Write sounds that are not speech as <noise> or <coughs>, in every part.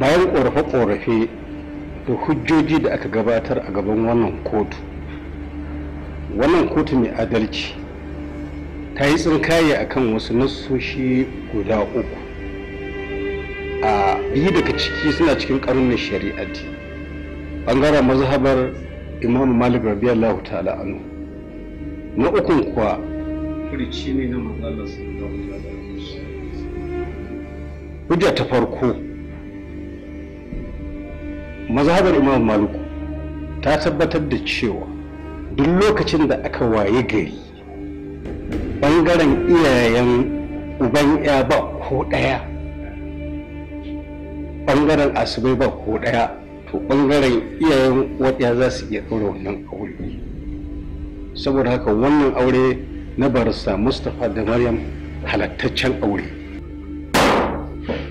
bayan ƙorafe-ƙorafe da hujjoji da aka gabatar a gaban wannan kotu wannan kotu mai adalci ta yi tsinkaye a kan wasu nasoshi guda uku a biyu daga ciki suna cikin ƙarnin shari'ati ɓangaren mazhabar imam malik rabiyallahu ta'ala anu na ukun kuwa furici ne na da hujja ta farko mazhabar imam maluku ta tabbatar da cewa duk lokacin da aka waye gari bangaren iyayen uban ya ba ko ɗaya bangaren asibai ba ko ɗaya to bangaren iyayen waɗaya za su iya ɗora wannan aure saboda haka wannan aure na barista mustapha da maryam halattaccen aure am idan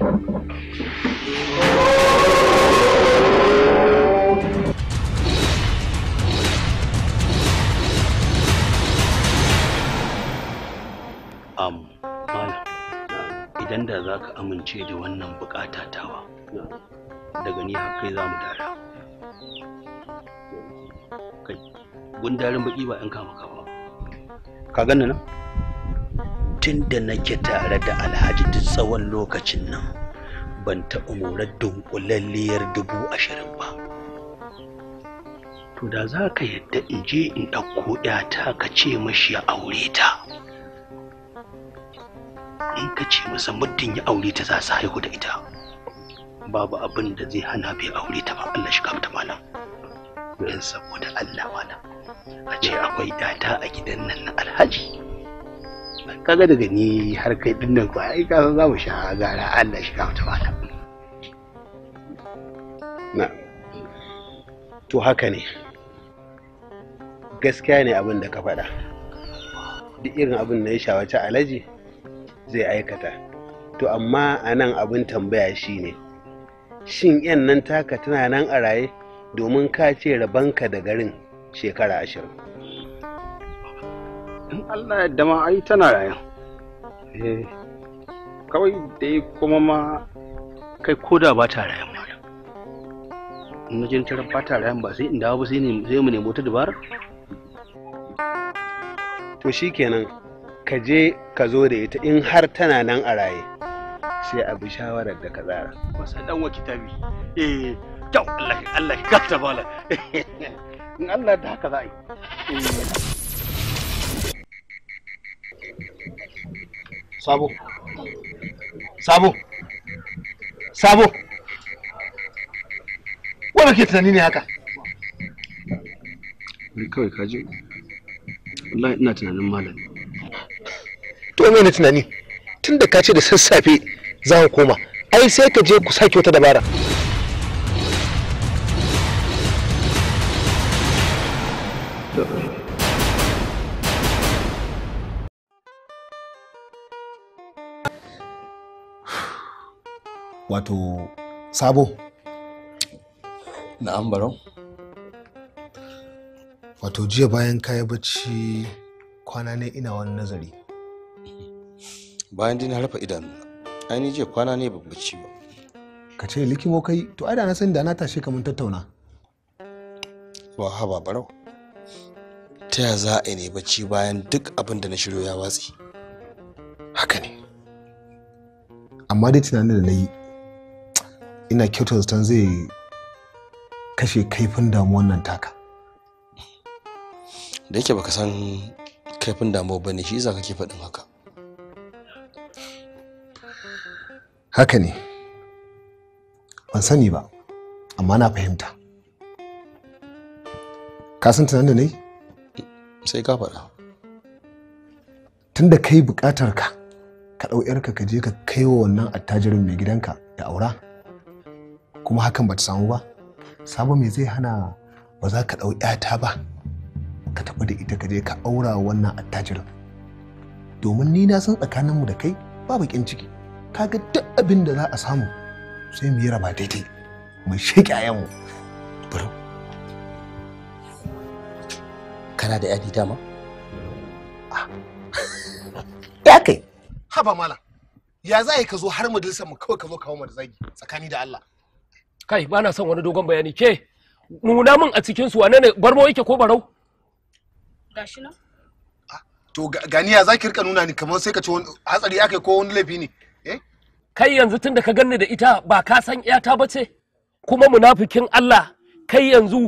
da za ka amince da wannan bukata tawa daga ni har za mu dara kai gundarin baki ba 'yan kama kama ka gani nan tun da nake tare da alhaji duk tsawon lokacin nan ban taɓa mora dunkulalliyar dubu ashirin ba to da za ka yadda in je in ɗauko ƴata ka ce mashi ya aure ta in ka ce masa muddin ya aure ta za su haihu da ita babu abin da zai hana bai aure ta ba Allah shi kamta malam don saboda Allah malam a ce akwai ƴata a gidan nan na alhaji kaga daga ni har kai din nan kuwa ai kasan za mu sha gara Allah shi kamta mata na to haka ne gaskiya ne abin da ka faɗa duk irin abin da ya shawarci alaji zai aikata to amma anan abin tambaya shi ne, shin yan nan taka tana nan a raye domin ka ce rabanka da garin shekara ashirin in Allah ya dama ai tana rayan eh kawai dai kuma ma kai koda ba ta rayan ma in na jin tarar ba ta rayan ba sai in dawo ba sai mu nemo ta dubar to shikenan ka je ka zo da ita in har tana nan a raye sai a bi shawarar da ka tsara wasa dan waki tabi eh kyau Allah Allah ka ta bala <laughs> in Allah da haka za a yi eh. sabo sabo sabo wanda ke tunani ne haka ni kawai kaji wallahi ina tunanin malam to me ne tunani tunda ka ce da sassafe za ku koma ai sai ka je ku sake wata dabara wato sabo na ambaro? wato jiya bayan kayi bacci kwana ne ina wani nazari bayan dai na rufe idanu ni jiya kwana ne ban bacci ba ka ce likimo kai to ai da na sani da na tashe ka tattauna wa haba barau ta ya za a ne bacci bayan duk abin da na shiryo ya watsi haka ne amma dai tunanin da na yi ina kyautar zaton zai kashe kaifin damuwar nan taka da yake baka san kaifin damuwa ba ne shi za kake faɗin haka haka ne ban sani ba amma na fahimta ka san tunan da na yi sai ka faɗa tunda kai buƙatar ka ka ɗau 'yarka ka je ka kai wa wannan attajirin mai gidanka ya aura kuma hakan ba ta samu ba sabo me zai hana ba za ka ɗau ta ba ka tafi da ita ka je ka aura wannan attajirin domin ni na san tsakaninmu da kai ba bakin ciki ka ga duk abin da za a samu sai mu yi raba daidai mu shaƙi ayanmu bari kana da yadi dama ya ah. <laughs> kai haba mala ya za ka zo har majalisar mu kawai ka zo kawo mu da zagi tsakani da Allah kai ba na son wani dogon bayani ke nuna min a cikin su wane ne barmo yake ko barau gashi na ah, to ganiya za ki rika nuna ni kamar sai ka ce hatsari akai ko wani laifi ne eh kai yanzu tun da ka ganni da ita ba ka san iya ba ce kuma munafikin Allah kai yanzu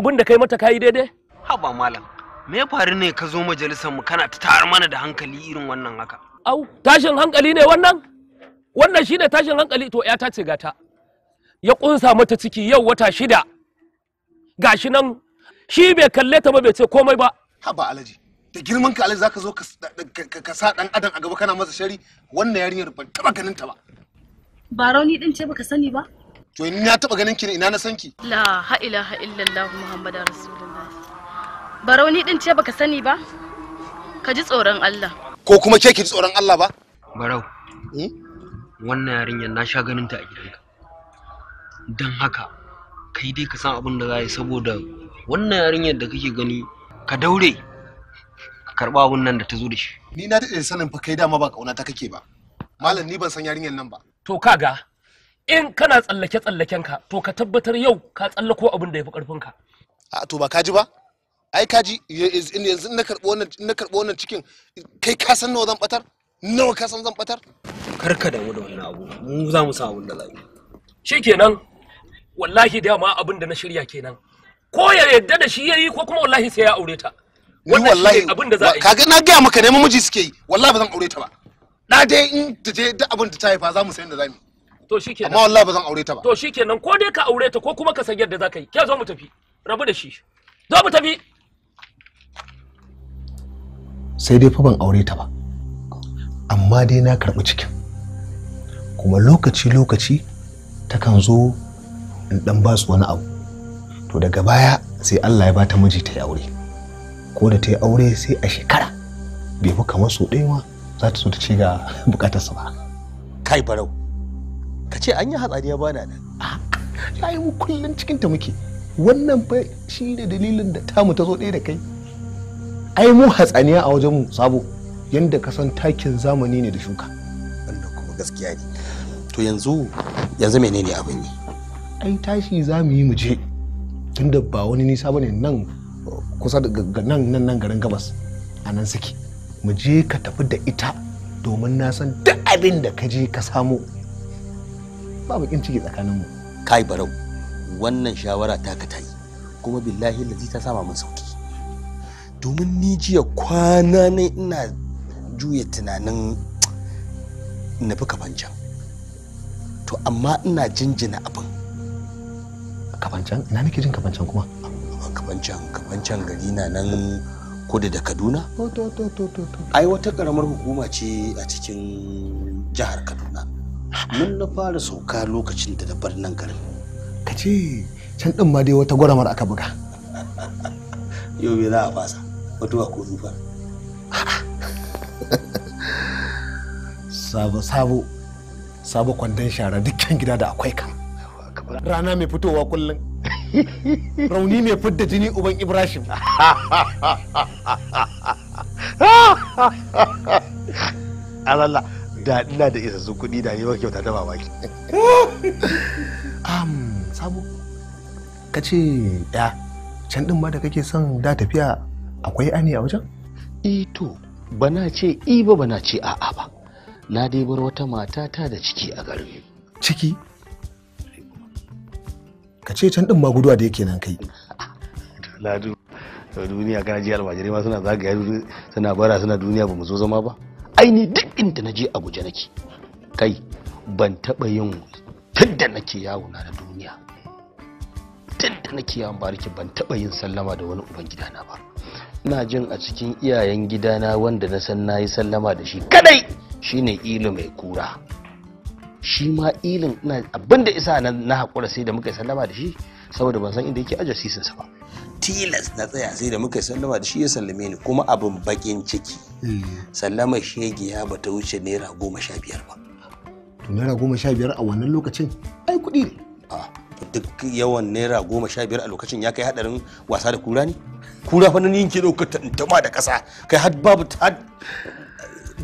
abin da kai mata kai daidai haba malam me ya faru ne ka zo majalisar mu kana tar mana da hankali irin wannan haka au tashin hankali ne wannan wannan shine tashin hankali to ta ce gata ya kunsa mata ciki yau wata shida gashi nan shi bai kalle ta ba bai ce komai ba haba alaji da girman ka alaji zaka zo ka sa dan adam a gaba kana masa shari wannan yarinyar ban taba ganin ta ba ba rauni din ce baka sani ba to in na taba ganin ki ina na san ki la ha ilaha illallah muhammadar rasulullah ba rauni din ce baka sani ba ka ji tsoron Allah ko kuma ke ki ji tsoron Allah ba barau hmm? wannan yarinyar na sha ganin ta a gidanka don haka kai dai ka san abin da za yi saboda wannan yarinyar da kake gani ka daure ka karɓa abin nan da ta zo da shi ni na daɗe sanin fa kai dama ba ƙauna ta kake ba malam ni ban san yarinyar nan ba to kaga in kana tsallake tsallaken ka to ka tabbatar yau ka tsallako abin da ya fi ƙarfin ka a to ba kaji ba ai kaji yanzu na karɓo wannan na karɓo wannan cikin kai ka san nawa zan batar nawa ka san zan batar karka da wani abu mu za mu sa abin da za yi shikenan wallahi da ma abin da na shirya kenan ko ya yadda da shi yayi ko kuma wallahi sai ya aure ta wallahi abin da za a yi kaga na gaya maka neman miji suke yi wallahi ba zan aure ta ba na dai in ta je duk abin da ta haifa za mu san da zamu to shikenan amma wallahi ba zan aure ta ba to shikenan ko dai ka aure ta ko kuma ka san yadda za ka yi ke zo mu tafi rabu da shi zo mu tafi sai dai fa ban aure ta ba amma dai na karɓi cikin kuma lokaci-lokaci ta kan zo in dan ba su wani abu to daga baya sai Allah ya bata miji ta yi aure ko da ta aure sai a shekara bai fi kamar su ɗaya ma za ta so ta ci ga <laughs> sa ba kai barau ka ce an yi hatsari da. bana nan ya yi mu kullum cikin ta muke wannan fa shi ne dalilin da ta mu ta zo ɗaya da kai ai mu hatsaniya a wajen mu sabo yadda ka san takin zamani ne da shuka wannan kuma gaskiya ne to yanzu yanzu menene abin yi ai tashi za mu yi mu je tunda ba wani nisa bane nan kusa da nan nan nan garin gabas a nan suke mu je ka tafi da ita domin na san duk abin da ka je ka samu ba bakin ciki tsakaninmu kai barau wannan shawara ta ka tayi kuma billahi lazi ta sama mun sauki domin ni jiya kwana ne ina juya tunanin na fi kafancan to amma ina jinjina abin kafancan ina nake jin kafancan kuma kafancan kafancan gari na nan kudu da kaduna ai wata karamar hukuma ce a cikin jihar kaduna mun na fara sauka lokacin da na bar nan garin ka ce can din ma dai wata gwaramar aka buga <laughs> yau me za a fasa mutuwa ko zufa <laughs> sabo sabo sabo kwandon shara dukkan gida da akwai kan rana mai fitowa kullum rauni mai fidda jini uban ibrahim <laughs> alalla da ina da isassun kuɗi da yawa kyauta ta <laughs> am sabu ka ce ya can ɗin ma da kake son da tafiya akwai ani a wajen? ito e bana ce iba ba bana ce a'a ba na dai bar wata mata ta da ciki a garin ciki ka ce can din ma guduwa da yake nan kai ladu da duniya kana ji almajirai ma suna zagaya suna bara suna duniya ba mu zo zama ba aini duk inda na je abuja nake kai ban taba yin tunda nake yawo na da duniya tunda nake yawon bariki ban taba yin sallama da wani uban gidana ba ina jin a cikin iyayen gidana wanda na san nayi sallama da shi kadai shine ilu mai kura shi ma ilin ina abin da isa na haƙura sai da muka yi sallama da shi saboda ban san inda yake ajiye sisin sa ba tilas na tsaya sai da muka yi sallama da shi ya sallame ni kuma abin bakin ciki eh. sallama shegiya ba ta wuce naira goma sha biyar ba to naira goma sha biyar a wannan lokacin ai kuɗi ne duk yawan naira goma sha biyar a lokacin ya kai hadarin wasa da kura ne kura fa nan yinke ɗaukar tantama da ƙasa kai har babu ta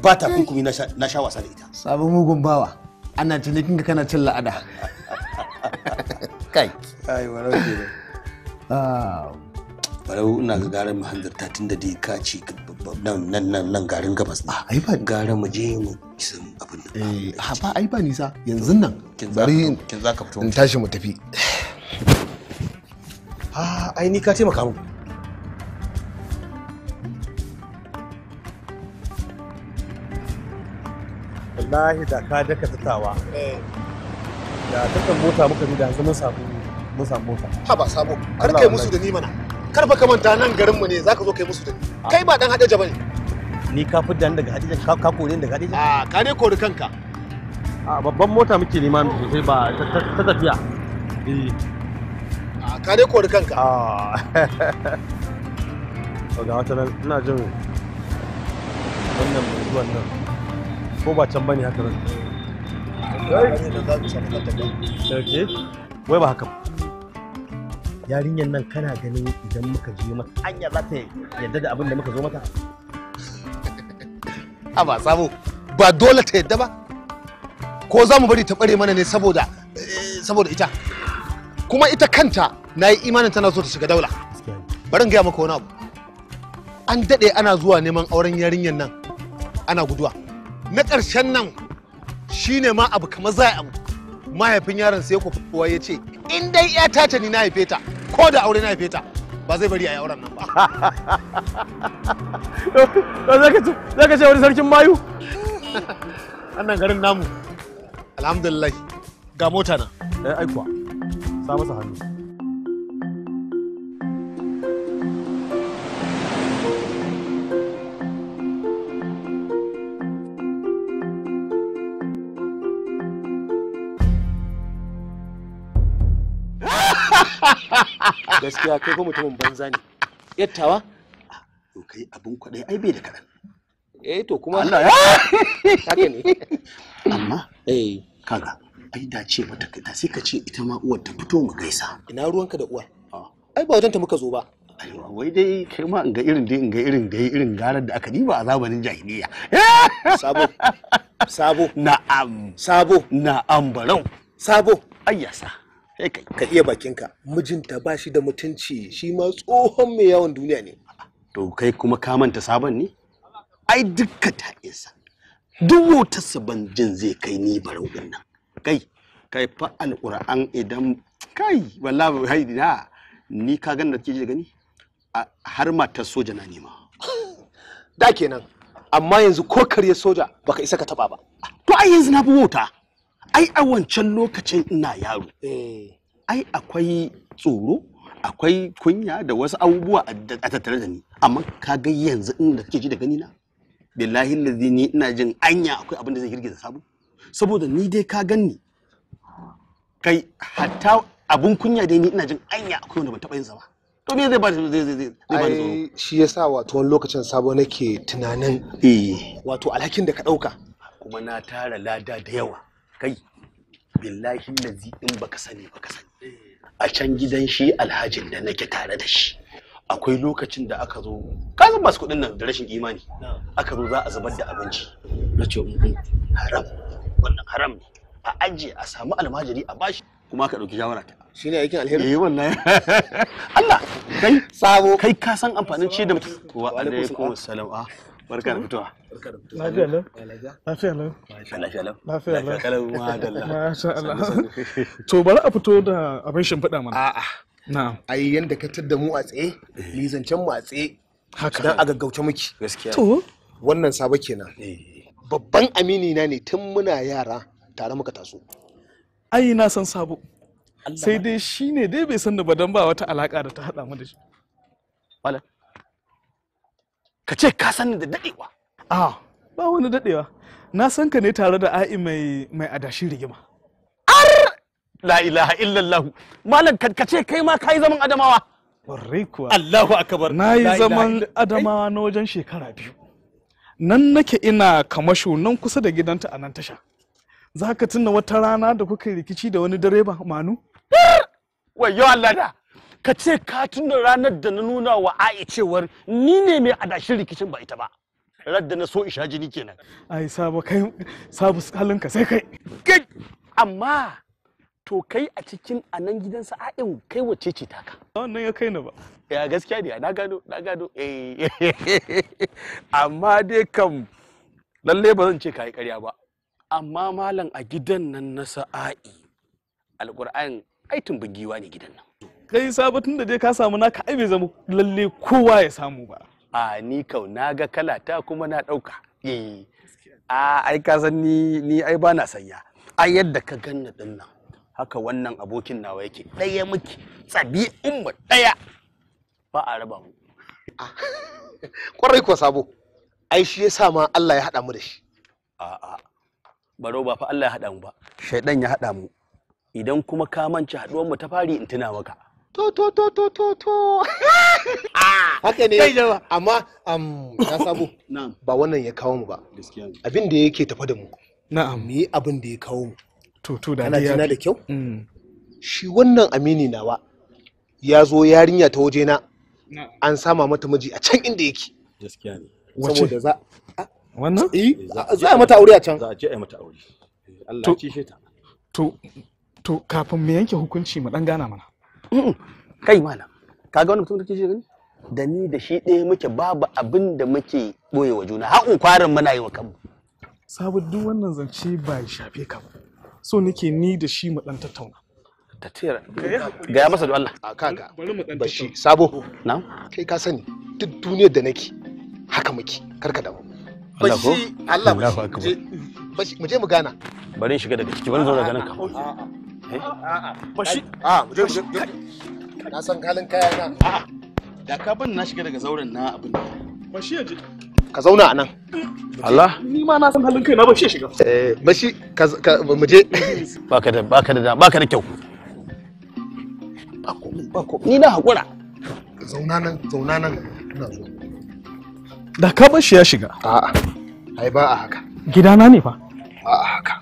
ba ta na sha wasa da ita sabon mugun bawa ana cinikin ka kana cin la'ada kai ai warau ke barau ah. ina ga gara mu hanzarta tun da dai ka ce nan nan nan nan garin gabas ba ah, ai ba gara mu je mu kisan abin da eh, ha ba ai ba nisa yanzu nan za kin ka fito in tashi mu tafi ha ah, ai ni ka taimaka mu wallahi da ka daka tattawa eh. da kan mota muka bi da zaman samu mun samu mota ha ba sabo kar kai musu da ni mana kar fa kamanta nan garin mu ne zaka zo kai musu da ni ah. kai ba dan hadeja bane ni ka fidda daga hadeja ka kore ni daga hadeja a ah, ka ne kori kanka a ah, babban mota muke nema sosai ba ta tafiya eh a ka ne kori kanka a <laughs> ga wata nan ina jin wannan mai zuwan nan ko ba can bane haka zan ok wai ba haka ba yarinyar nan kana ganin idan muka je mata hanya za ta yadda da abin da muka zo mata a <laughs> ba sabo ba dole ta yadda ba ko za mu bari ta bare mana ne saboda eh, saboda ita kuma ita kanta na yi imanin tana so ta shiga daula bari in gaya maka wani abu an daɗe ana zuwa neman auren yarinyar nan ana guduwa na ƙarshen nan shi ne ma abu kamar za a mahaifin yaron sai ku kuwa ya ce in dai ya tace ni na haife ta ko da aure na haife ta ba zai bari a yi auren nan ba <laughs> za ka ce wani sarkin mayu nan garin namu alhamdulillah ga mota na eh, ai kuwa sa masa hannu gaskiya kai fa mutumin banza ne yattawa to kai abin kwadai ai bai da kaɗan eh to kuma Allah ya haka ne amma eh kaga ai da ce mata ka sai ka ce ita ma uwar ta fito mu gaisa ina ruwanka da uwa ah. ai ba wajen ta muka zo ba aiwa wai dai kai ma in ga irin dai in ga irin dai irin garar da aka diba a zamanin jahiliya sabo <laughs> sabo na'am sabo na'am barau sabo ayyasa Eh, ka iya bakinka mijinta ba shi da mutunci shi ma tsohon mai yawan duniya ne to kai kuma ka manta sabon ne ai dukka ta isa duk wata saban jin zai kai ni barau din nan kai kai fa alquran idan kai wallahi hai na ni ka ganin da kike gani har matar soja na nema da kenan amma yanzu ko karya soja baka isa ka taba ba to ai yanzu na bi wuta ai a wancan lokacin ina yaro eh. ai akwai tsoro akwai kunya da wasu abubuwa a tattare da ni amma ka ga yanzu inda kake ji da gani na billahi lazi ni ina jin anya akwai abin da zai girgiza sabu saboda ni dai ka ganni kai hatta abun kunya dai ni ina jin anya akwai wanda ban taba yin sa ba to me zai ba zai zai zai ba ni shi yasa wato wani lokacin sabo nake tunanin eh wato alhakin da ka dauka kuma na tara lada da yawa kai billahi lazi din baka sani baka sani a can gidan shi alhajin da nake tare da shi akwai lokacin da aka zo kasan masu kuɗin nan da rashin imani aka zo za a zubar da abinci na ce mm, mm, haram wannan haram ne a ajiye a samu almajiri a bashi kuma ka ɗauki shawara ta shi ne aikin alheri eh wannan <laughs> Allah kai sabo kai ka san amfanin ce da mutum wa alaikum assalam barka da fitowa lafiya lau lafiya lau lafiya lau lafiya lau kalau madalla masha Allah <laughs> to bari a fito da abin shimfiɗa mana a'a na'am ai yanda ka tadda mu a tsaye eh. ni zancen mu a tsaye haka dan a gaggauce miki gaskiya to wannan sabo kenan eh. babban amini na ne tun muna yara tare muka taso ai na san sabo sai dai shine dai bai san da badan ba wata alaka da ta hada mu da shi malam ka ce ka san da dadewa a ba wani dadewa na san ka ne tare da a'i mai mai adashin rigima ar la ilaha illallah malam ka ce kai ma kai zaman adamawa Warre kuwa. Allahu akbar. Na yi zaman adamawa na wajen shekara biyu. Nan nake ina kamasho nan kusa da gidanta a nan tasha. Za ka tuna wata rana da kuka rikici da wani direba Manu? Wayo Allah da. ka ce ka tuna ranar da na nuna wa a'i cewar ni ne mai adashin rikicin ba ita ba da na so isha jini kenan ai sabu kai sabu ka sai kai amma to kai a cikin a nan gidan sa'a'in kai wace ce taka wannan ya kai na ba ya gaskiya ne na gado na gado eh <laughs> amma dai kam lalle ba zan ce kai ƙarya ba amma malam a gidan nan na sa'a'i alƙur'an aitin bugiwa ne gidan nan kai sabatun da dai ka samu naka ai bai zama lalle kowa ya samu ba a ni kau na ga kala ta kuma na ɗauka eh, a ai ka san ni ni ai ba na sanya a yadda ka ganna din nan haka wannan abokin nawa yake ɗaya miki tsabi umma ɗaya ba a raba mu kwarai <laughs> ko sabo ai shi ya sa ma Allah ya haɗa mu da shi a'a baro ba fa Allah ya haɗa mu ba shaidan ya haɗa mu idan kuma ka manci haduwar mu ta fari in tuna maka to to to to to to <laughs> ah! haka ne amma na sabo <coughs> ba wannan ya kawo mu ba abin da yake tafa da mu na'am mu yi abin da ya kawo mu to to da ana jina da kyau mm. shi wannan amini nawa ya zo yarinya ta waje na an sama mata miji a can inda yake gaskiya ne saboda za wannan eh, eh, za a mata aure a can za a je a mata aure eh, Allah ya cishe ta to to kafin mu yanke hukunci mu dan gana mana kai malam kaga wani mutum da kike gani da ni da shi ɗaya muke babu abin da muke ɓoye wa juna har kwarin muna yi wa kanmu sabu duk wannan zance ba shafe ka ba so nake ni da shi mu dan tattauna ta tira gaya masa da Allah a ba bashi sabo na kai ka sani duk duniyar da nake haka muke karka damu bashi Allah bashi mu je mu gana bari in shiga daga ciki bari zo daga nan ka Bashi. Eh? A ah, muje muje. Na san kaya na. Da ka bin na shiga daga zauren na abin da. Bashi Ka zauna a nan. Allah. Ni ma na san halin kai na bashi ya shiga. Eh bashi ka muje. da da da kyau. Ba ba Ni na hakura. Zauna nan zauna nan ina zo. Da ka bashi ya shiga. A'a. Ai ba a haka. Gidana ne fa. Ba a haka.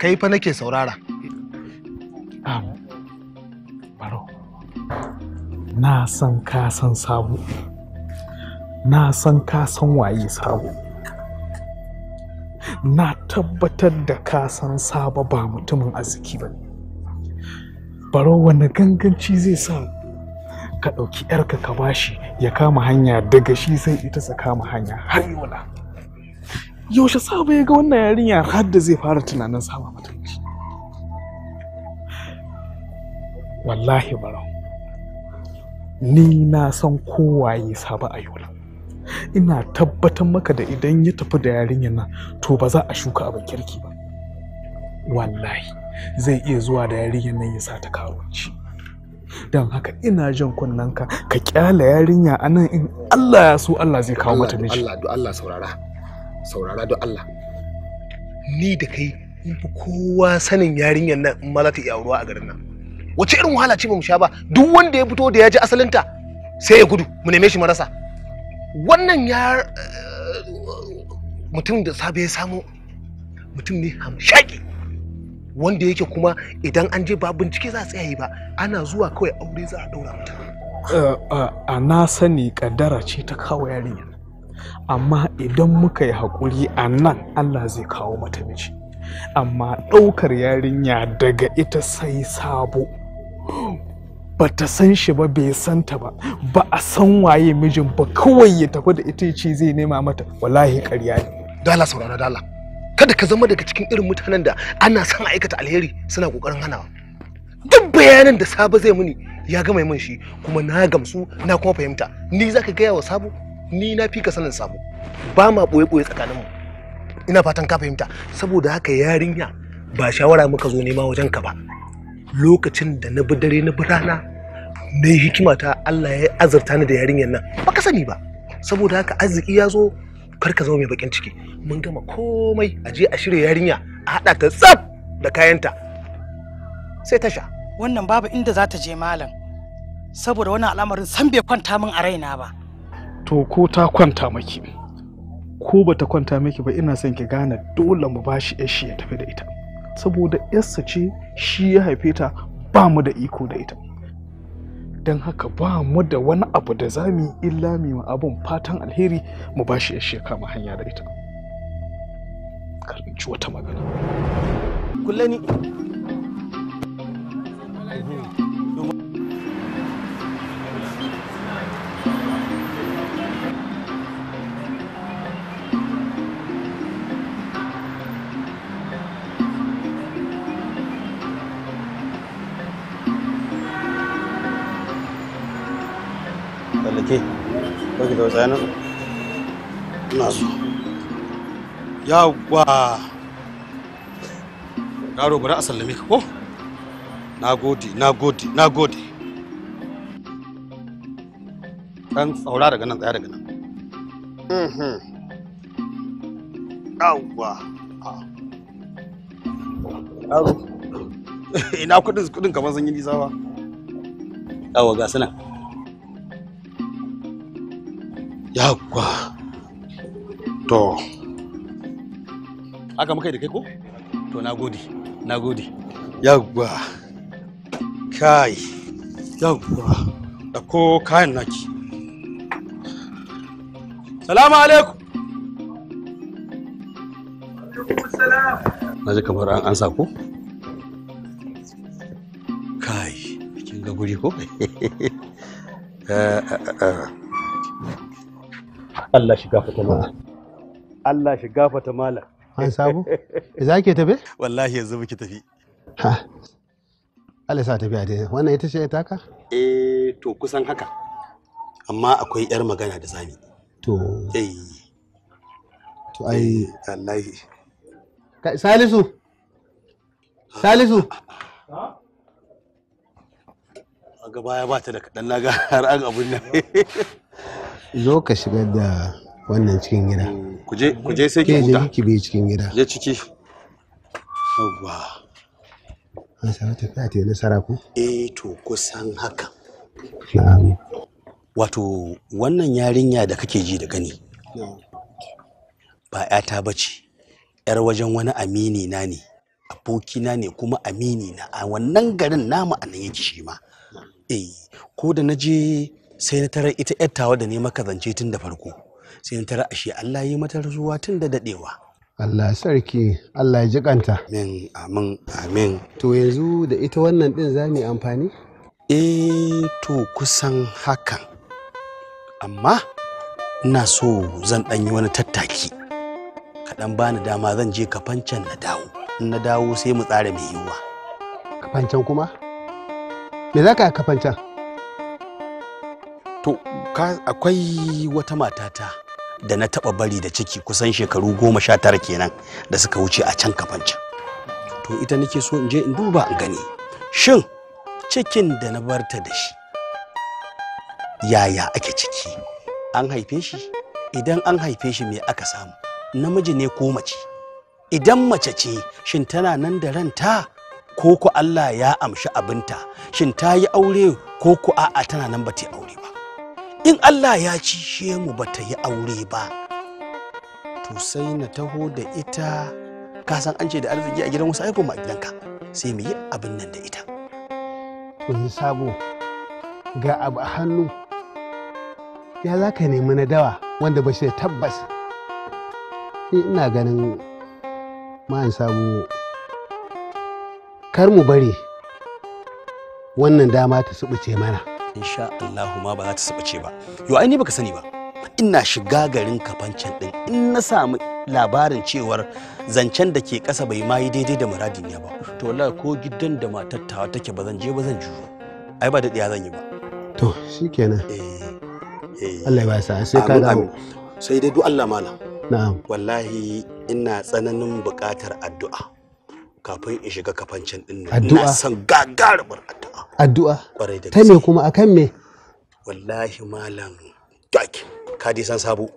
kai fa nake saurara ah, baro na san ka san sabu na san ka san waye sabo. na tabbatar da ka san saba ba mutumin arziki ba baro wani ganganci zai sa ka ɗauki 'yarka ka bashi ya kama hanya daga shi sai ita su kama hanya har yi wula. yaushe sabo ya ga wannan yarinya har da zai fara tunanin sama mutunci wallahi barau ni na san kowaye sabo a yola ina tabbatar maka da idan ya tafi da yarinyar nan to ba za a shuka abin kirki ba wallahi zai iya zuwa da yarinyar nan ya sa ta karuwanci don haka ina jan kunnanka ka kyala yarinya anan in Allah ya so Allah zai kawo mata miji Allah Allah saurara saurara da Allah ni da kai mun fi kowa sanin yarinyar nan in ma za ta iya aurewa a garin nan wace irin wahala ce ba mu sha ba duk wanda ya fito da ya ji asalinta sai ya gudu mu neme shi mu rasa wannan ya eh, mutum da sabe ya samu mutum ne hamshaki wanda yake kuma idan an je ba bincike za a tsaya yi ba ana zuwa kawai aure za a daura mutum eh, a na sani kaddara ce ta kawo yarinyar amma idan muka yi haƙuri a nan allah zai kawo mata miji amma ɗaukar yarinya daga ita sai sabo ba ta san shi ba bai santa ba ba a san waye mijin ba kawai ya tafi da ita ce zai nema mata wallahi ƙarya ne dala saurara dala kada ka zama daga cikin irin mutanen da ana san aikata alheri suna ƙoƙarin hanawa duk bayanan da sabo zai muni ya gama min shi kuma na gamsu na kuma fahimta ni zaka gaya wa sabo ni na fi ka sanin sabo ba ma boye boye tsakaninmu ina fatan ka fahimta saboda haka yarinya ba shawara muka zo nema wajen ka ba lokacin da na bi dare na bi rana na hikima ta Allah ya azurta ni da yarinyar nan ba ka sani ba saboda haka arziki ya zo kar ka zama mai bakin ciki mun gama komai a je a shirya yarinya a haɗa ta tsaf da kayanta sai tasha. wannan babu inda za ta je malam saboda wannan al'amarin san bai kwanta min a raina ba to ko ta kwanta maki ko ba ta kwanta maki ba ina son ki gane dole mu ba shi shi ya tafi da ita saboda yarsa ce shi ya haife ta ba mu da iko da ita don haka ba mu da wani abu da za mu yi illa abun fatan alheri mu ba shi ya kama hanya da ita karanci wata magana kullani kyauta nan ina yawwa bari a sallame ka ko na gode na gode na gode ɗan tsaura daga nan tsaya daga nan mm-hmm. yawwa <laughs> ina kudin kudin kamar sun yi nisa ba yawwa ga sunan yakwa to aka muka da kai ko to na gode na gode yawwa kai yakwa da ko kayan naki salamu alaikum na ji kamar an ansa ko kai kin ga guri ko <laughs> <laughs> eh, eh, eh, Allah shi gafata mala Allah shi gafata mala an sabu? za ke tafi wallahi yanzu muke tafi ha Allah sa tafi a dai wannan ita ce ta ka eh to kusan haka amma akwai yar magana da zami to eh to ai eh, wallahi salisu salisu a gaba ya bata da kaɗan naga har an abun nan <laughs> zo ka shigar da wannan cikin gida hmm, kuje je sai ki huta ki bi cikin gida je ciki yawwa an samu tafiya ta yi nasara ku eh to kusan haka na'am wato wannan yarinya da kake ji da gani ba 'yata ba ce 'yar wajen wani amini na ne abokina ne kuma amini na a wannan garin namu a nan yake shi ma eh ko da na je sai na tarar ita yattawa da ne maka zance tun da farko sai na tarar ashe Allah yi mata rasuwa tun da dadewa Allah sarki Allah ya jikanta amin amin amin to yanzu da ita wannan din za mu amfani eh to kusan hakan amma ina so zan dan yi wani tattaki kaɗan bani dama zan je kafancan na dawo in na dawo sai mu tsara mai yiwuwa kafancan kuma me za ka kafancan to akwai wata matata da na taba bari da ciki kusan shekaru goma sha tara kenan da suka wuce a can kafan can. to ita nake so in je in duba in gani shin cikin da na barta da shi yaya ake ciki an haife shi idan an haife shi me aka samu namiji ne ko mace idan mace ce shin tana nan da ranta ko ku Allah ya amshi abinta shin ta yi aure ko ku a'a tana nan ba ta aure in Allah ya cishe mu ta yi aure ba to sai na taho da ita ka san an ce da arziki a gidan wasu aiko ma gidanka sai mu yi abin nan da ita kun sabo ga abu a hannu ya za ka nemi na dawa wanda ba shi da tabbas ni ina ganin ma'an sabo kar mu bari wannan dama ta subuce mana insha Allah ma ba za ta saba ce ba yo ai ni baka sani ba ina shiga garin kafancan din in na samu labarin cewar zancen da ke ƙasa bai ma yi daidai da muradin ya ba to wallahi ko gidan da matar tawa take ba zan je ba zan juro ai ba da diya zan yi ba to shikenan eh, eh. Allah ya ba sa sai ka dawo sai dai duk Allah malam na'am wallahi ina tsananin buƙatar addu'a kafin in shiga kafancin din nan na san gagarumar addu'a addu'a kwarai da ta me kuma akan me wallahi malam daki ka san sabo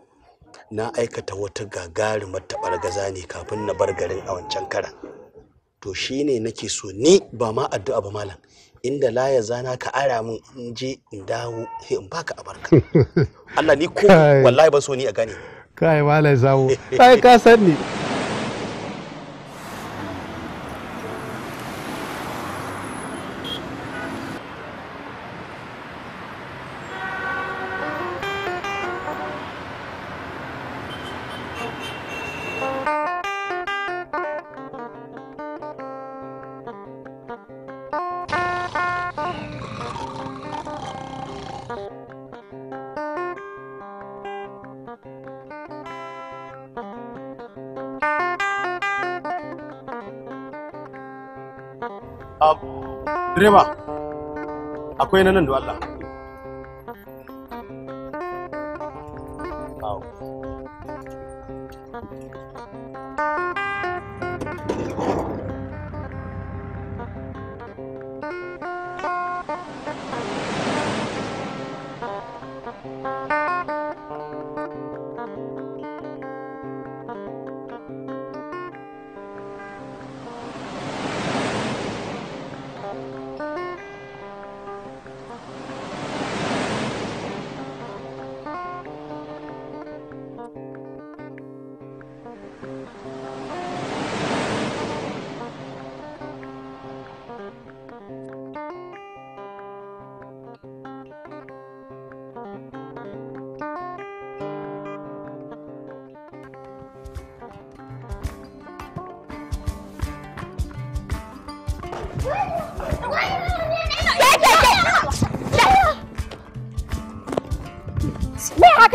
na aikata wata gagarumar ta tabargaza ne kafin na bar garin a wancan karan to shine nake so ni ba ma addu'a ba malam inda ya zana ka ara min in je in dawo sai in baka abarka <laughs> Allah ni ko wallahi ban so ni a gane kai malam zawo kai ka sani direba akwai na nan da Allah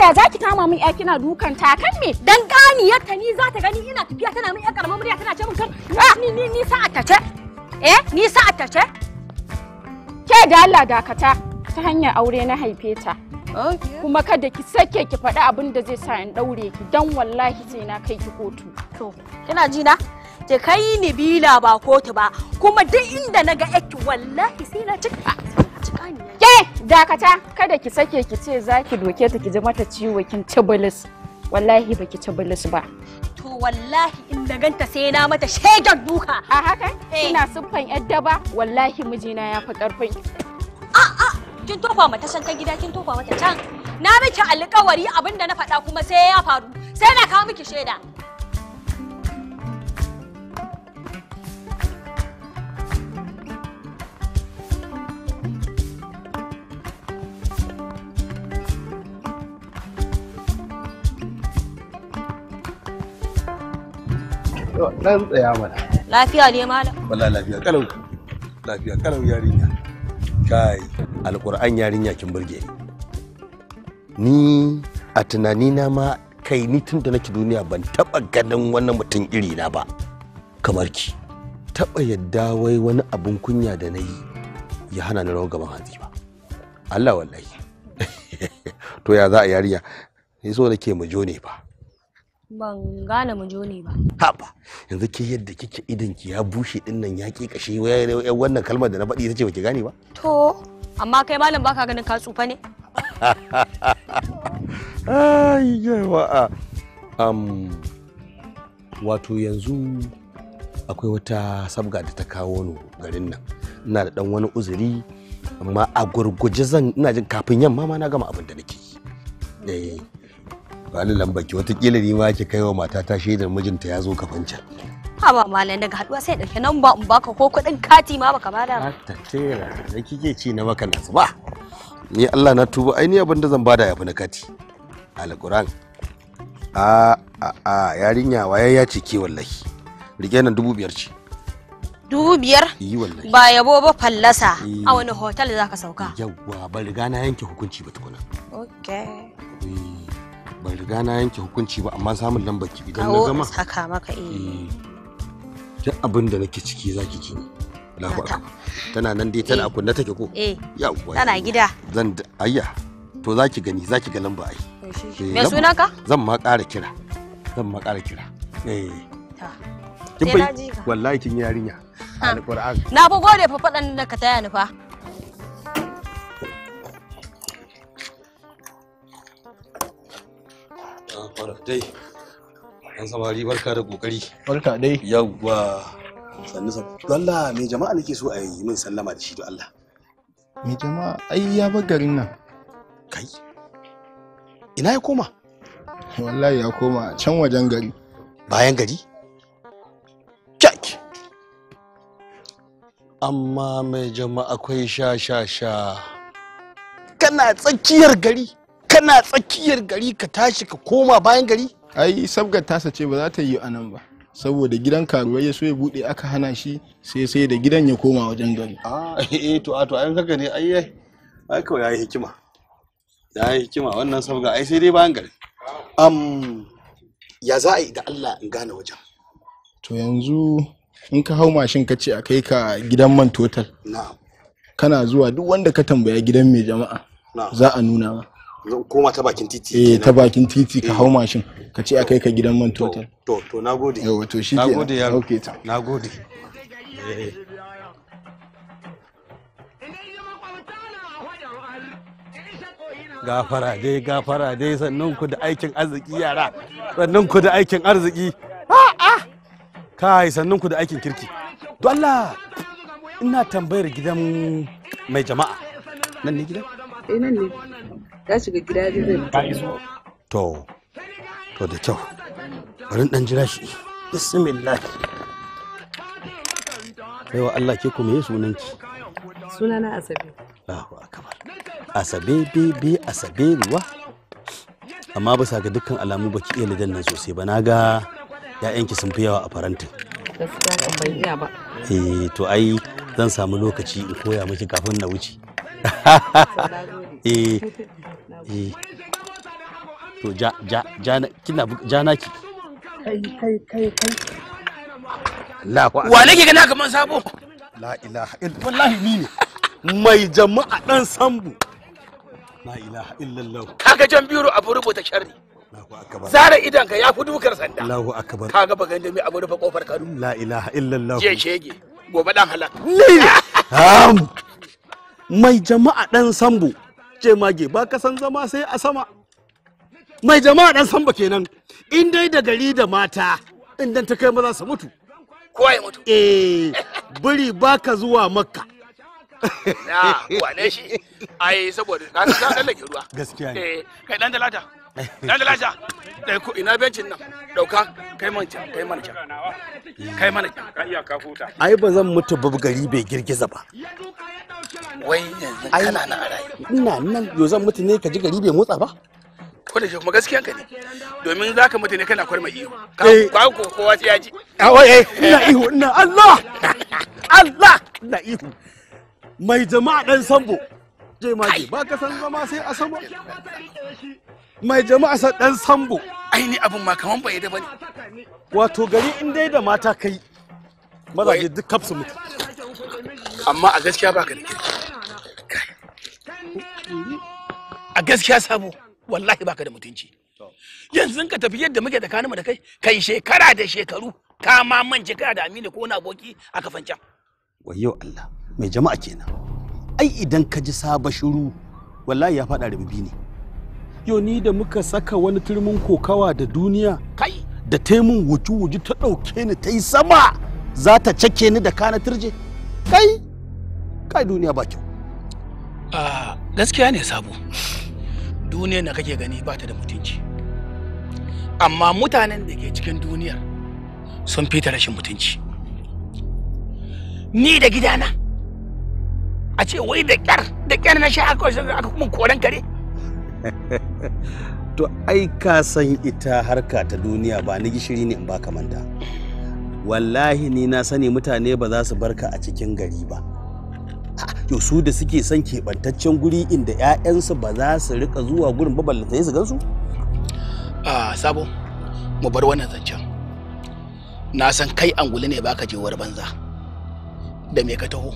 yaya za ki kama min ya kina dukan ta kan me dan gani yadda ni za ta gani ina tafiya tana min ya karama murya tana ce mun kan ni ni ni sa'a ta ce eh ni sa'a ta ce ke da Allah dakata ta hanyar aure na haife ta oh, kuma kada ki sake ki faɗi abin da zai sa in daure ki dan wallahi sai na kai ki kotu to kina ji na ke kai ni bila ba kotu ba kuma duk inda na ga yaki wallahi sai na cika dakata kada ki sake ki ce za ki doke ta ki ji mata ciwo kin cibilis wallahi baki cibilis ba to wallahi in da ganta sai na mata shegar duka a haka eh. kina siffan yadda ba wallahi mijina ya fi karfin a a kin tofa mata can ta gida kin tofa mata can na miki alƙawari abinda na faɗa kuma sai ya faru sai na kawo miki shaida Dan tsaya mana. Lafiya ne malam. Wallahi lafiya kalau. Lafiya kalau yarinya. Kai, alƙur'an yarinya kin burge ni. Ni a tunanina ma kai ni tun da nake duniya ban taba ganin wannan mutum iri na ba kamar ki taba yadda wai wani abun kunya da na yi ya hana ni rawar gaban hanzi ba Allah wallahi <laughs> to ya za a yarinya ni so nake mu jo ne ba ban gane mujoni ba haba yanzu ke yadda kike idan ki ya bushe din nan ya ki kashe wannan kalmar da na faɗi ita ce baki gane ba to amma kai malam baka ganin ka tsufa ne <laughs> ai yawa wato yanzu akwai wata sabga da ta kawo ni garin nan ina da dan wani uzuri amma a gurguje zan ina jin kafin yamma ma na gama abin da nake yi eh. bani lambaki watakila ni ma ki kai wa matata shaidar mijinta ya zo kafan can ha ba mallan daga haduwa sai dauke nan ba in baka ko kudin kati ma baka bada ta tera da kike ci na maka nasu ba ni Allah na tuba ai ni abin da zan bada yafi na kati alquran a a a yarinya waye ya ce ke wallahi rike nan dubu biyar ce dubu biyar ba yabo ba fallasa a wani hotel zaka sauka yawwa ba riga na yanke hukunci ba tukuna okay ban riga na yanke hukunci ba amma samun lambar ki idan na gama saka maka eh. eh duk abin da nake ciki zaki ki Allahu akbar tana nan dai tana eh. kunna take ko eh uwa tana gida zan ayya to zaki gani zaki ga lamba ai eh, me suna ka zan ma ƙara kira zan ma ƙara kira eh kin wallahi kin yarinya alquran na gode fa fadan da ka taya ni fa an fara dai an samari barka da kokari barka dai yawwa sannu sannu Allah me jama'a nake so a yi min sallama da shi to Allah me jama'a ai ya bar garin nan kai ina ya koma wallahi ya koma can wajen gari bayan gari amma mai jama'a akwai sha sha sha kana tsakiyar gari kana tsakiyar gari ka tashi ka koma bayan gari ai sabgar tasa ce ba za ta yi a nan ba saboda gidan karuwai ya so ya bude aka hana shi sai sai da gidan ya koma wajen gari a ah, eh, eh to a to an haka ne ai eh. ai kawai yayi hikima yayi hikima wannan sabga ai sai dai bayan gari am ya za a yi da Allah in gane wajen to yanzu in ka hau mashin ka ce a kai ka gidan man total kana zuwa duk wanda ka tambaya gidan mai jama'a za a nuna ma koma ta bakin titi eh ta bakin titi ka eh. hau mashin ka ce akai ka gidan man total to to nagode yawa to shi nagode ya okay ta nagode gafara dai gafara dai sannan ku da aikin arziki yara sannan ku da aikin arziki kai sannan ku da aikin kirki Allah ina tambayar gidan mai jama'a nan ne gidan eh nan ne ta shiga gida da ta iso to to da kyau bari dan jira shi bismillah wa Allah ke kuma yi ki sunana asabe Allahu akbar asabe bi asabe ruwa amma bisa ga dukkan alamu baki iya lidan nan sosai ba na ga ya'yanki sun fi yawa a farantin gaskiya kan ban iya ba eh to ai zan samu lokaci in koya miki kafin na wuce <laughs> eh eh to ja ja ja kina ja naki kai kai kai kai wa nake gana kaman sabo la ilaha wallahi ni ne mai jama'a dan sambu la ilaha illallah kaga jan biro abu rubuta sharri zara idan ka yafi dukar sanda Allahu akbar kaga bagan da mai abu rufe kofar kanu la ilaha illallah je shege gobe dan halak ni <laughs> ham mai jama'a dan sambo ce mage ba ka san zama sai a sama mai jama'a dan sambo kenan in dai da gari da mata in dan ta kai maza su mutu kowa ya mutu eh biri ba ka zuwa makka ya wane shi ai saboda ka san dan ruwa gaskiya ne eh kai dan talata dan lalasha dauka kai man can kai man can kai man iya ka ba zan mutu babu gari bai girgiza ba wai yanzu kana nan a rayu ina nan yo zan mutu ne ka gari bai motsa ba ko da shi kuma gaskiyan domin za mutu ne kana kwarma ka eh. ko kowa ah, eh, Allah <laughs> Allah ina mai jama'a dan sambo je ma ba ka san zama sai a sambo mai jama'a sa dan sambo aini abin ma kaman bai da bane wato gari in dai da mata kai mazaje duk kafsu mutu amma a gaskiya baka da kirki a gaskiya sabo wallahi baka da mutunci yanzu ka tafi yadda muke da kanuma da kai kai shekara da shekaru ka ma mance kana da amini ko wani aboki a kafan can wayo Allah mai jama'a kenan ai idan ka ji saba wallahi ya faɗa bibi ne yau ni da muka saka wani turmin kokawa da duniya kai da taimun wuju-wuju ta ɗauke ni ta yi sama za ta cake ni da kana turje kai kai duniya ba kyau gaskiya ne sabo duniyar da kake gani ba ta da mutunci amma mutanen da ke cikin duniyar sun fita rashin mutunci ni da gidana a ce wai da kyar da kyar na sha aka kuma koren kare <laughs> to ai ka san ita harka ta duniya ba ni gishiri ne in ba manta wallahi ni na sani mutane ba za su barka a cikin gari ba to su da suke son keɓantaccen guri inda 'ya'yansu ba za su rika zuwa gurin ba ballata su gansu a sabo mu bar wannan zancen na san kai anguli ne baka jewar banza da me ka taho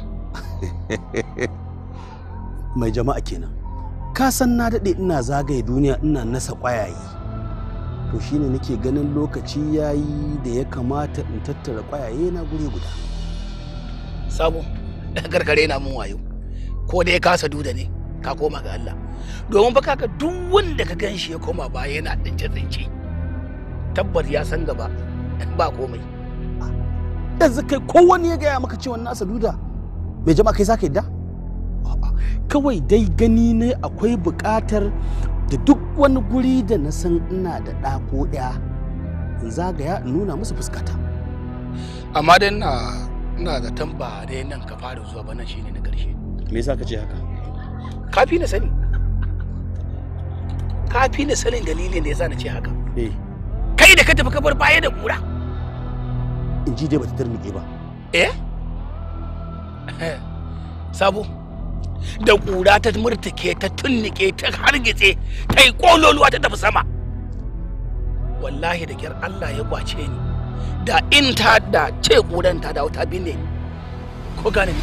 <laughs> mai jama'a kenan ka san na daɗe ina zagaye duniya ina nasa ƙwayaye to shine nake ganin lokaci ya yi da ya kamata in tattara ƙwayaye na guri guda sabo karkare na mun wayo ko dai ka sadu da ne ka koma ga Allah domin baka ka duk wanda ka ganshi ya koma ba yana tsince tsince tabbar ya san gaba ba komai yanzu kai ko wani ya gaya maka cewa na sadu da bai jama kai sake yadda kawai dai gani ne akwai bukatar da duk wani guri da na san ina da ɗa ko ɗaya in zagaya in nuna musu fuskata amma dai ina ina da tamba dai nan ka fara zuwa ba nan shine na ƙarshe me yasa ka ce haka kafi na sani kafi na sanin dalilin da yasa na ce haka eh kai da ka tafi kabar baya da kura in ji dai bata tarmike ba eh <laughs> sabo da ƙura ta murtuke ta tunnike ta hargitse ta yi ƙololuwa ta tafi sama wallahi da kyar Allah ya kwace ni da in ta da ce ƙuran ta da ta bine ko gane ni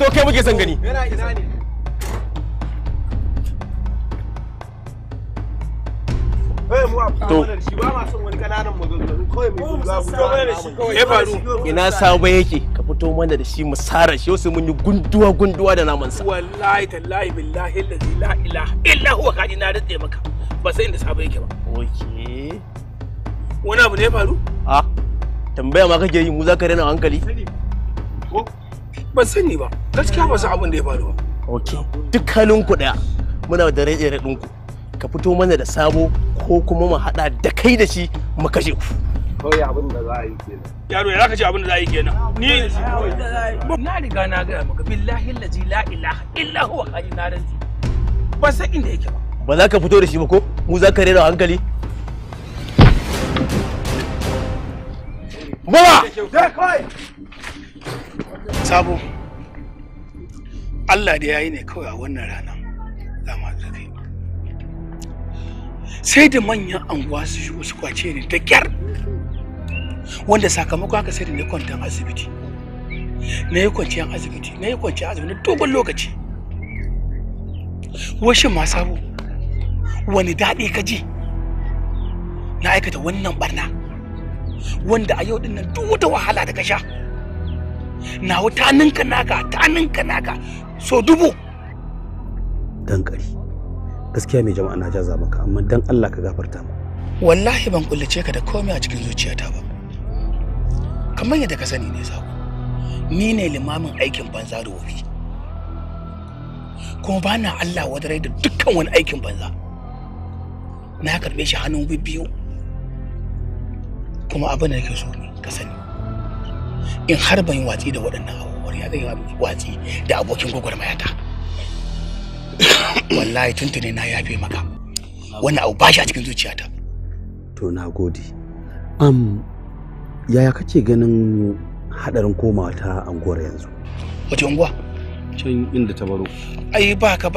fito kai muke son gani Eh, to ina sabo yake ka fito mana da shi mu sara shi sai mun yi gunduwa gunduwa da naman sa wallahi tallahi billahi la ilaha illa huwa kaji na rade maka ba sai inda sabo yake ba oke wani abu ne ya faru a tambaya ma kake yi mu za ka rena hankali ban sani ba gaskiya ba san abin da ya faru ba oke duk halin ku daya muna da rade radin ku ka fito mana da sabo ko kuma mu haɗa da kai da shi mu kashe ku. Kawai abin da za a yi kenan. Yaro ya ka abin da za a yi kenan. Ni na riga na gaya maka billahi lazi la ilaha illa huwa hayyun Ba san inda yake ba. za ka fito da shi ba ko? Mu za ka rera hankali. Mama! Sabo. Allah da ya yi ne kawai a wannan rana. Za mu haɗu sai da manyan anguwa su shigo su kwace ni da kyar wanda sakamakon haka sai da na kwantan asibiti na yi kwanciyar asibiti na yi kwanciyar asibiti dogon lokaci wasu ma sabo wani daɗi ka ji na aikata wannan barna wanda a yau din nan duk wata wahala da ka sha na ta ninka naka ta ninka naka so dubu dankari. gaskiya mai jama'a na jaza maka amma dan Allah ka gafarta mu wallahi ban kullace ka da komai a cikin zuciyata ba kamar yadda ka sani ne sako ni ne limamin aikin banza da wofi kuma ba na Allah wadarai da dukkan wani aikin banza na karbe shi hannun biyu kuma abin da nake so ne ka sani in har ban yi watsi da waɗannan abubuwan ya zai yi watsi da abokin gwagwarmayata. mayata wallahi tuntuni na yafe maka wannan abu bashi a cikin zuciyata to na gode um, yaya kake ganin hadarin komawa ta anguwar yanzu wace unguwa can inda ta baro ai ba ka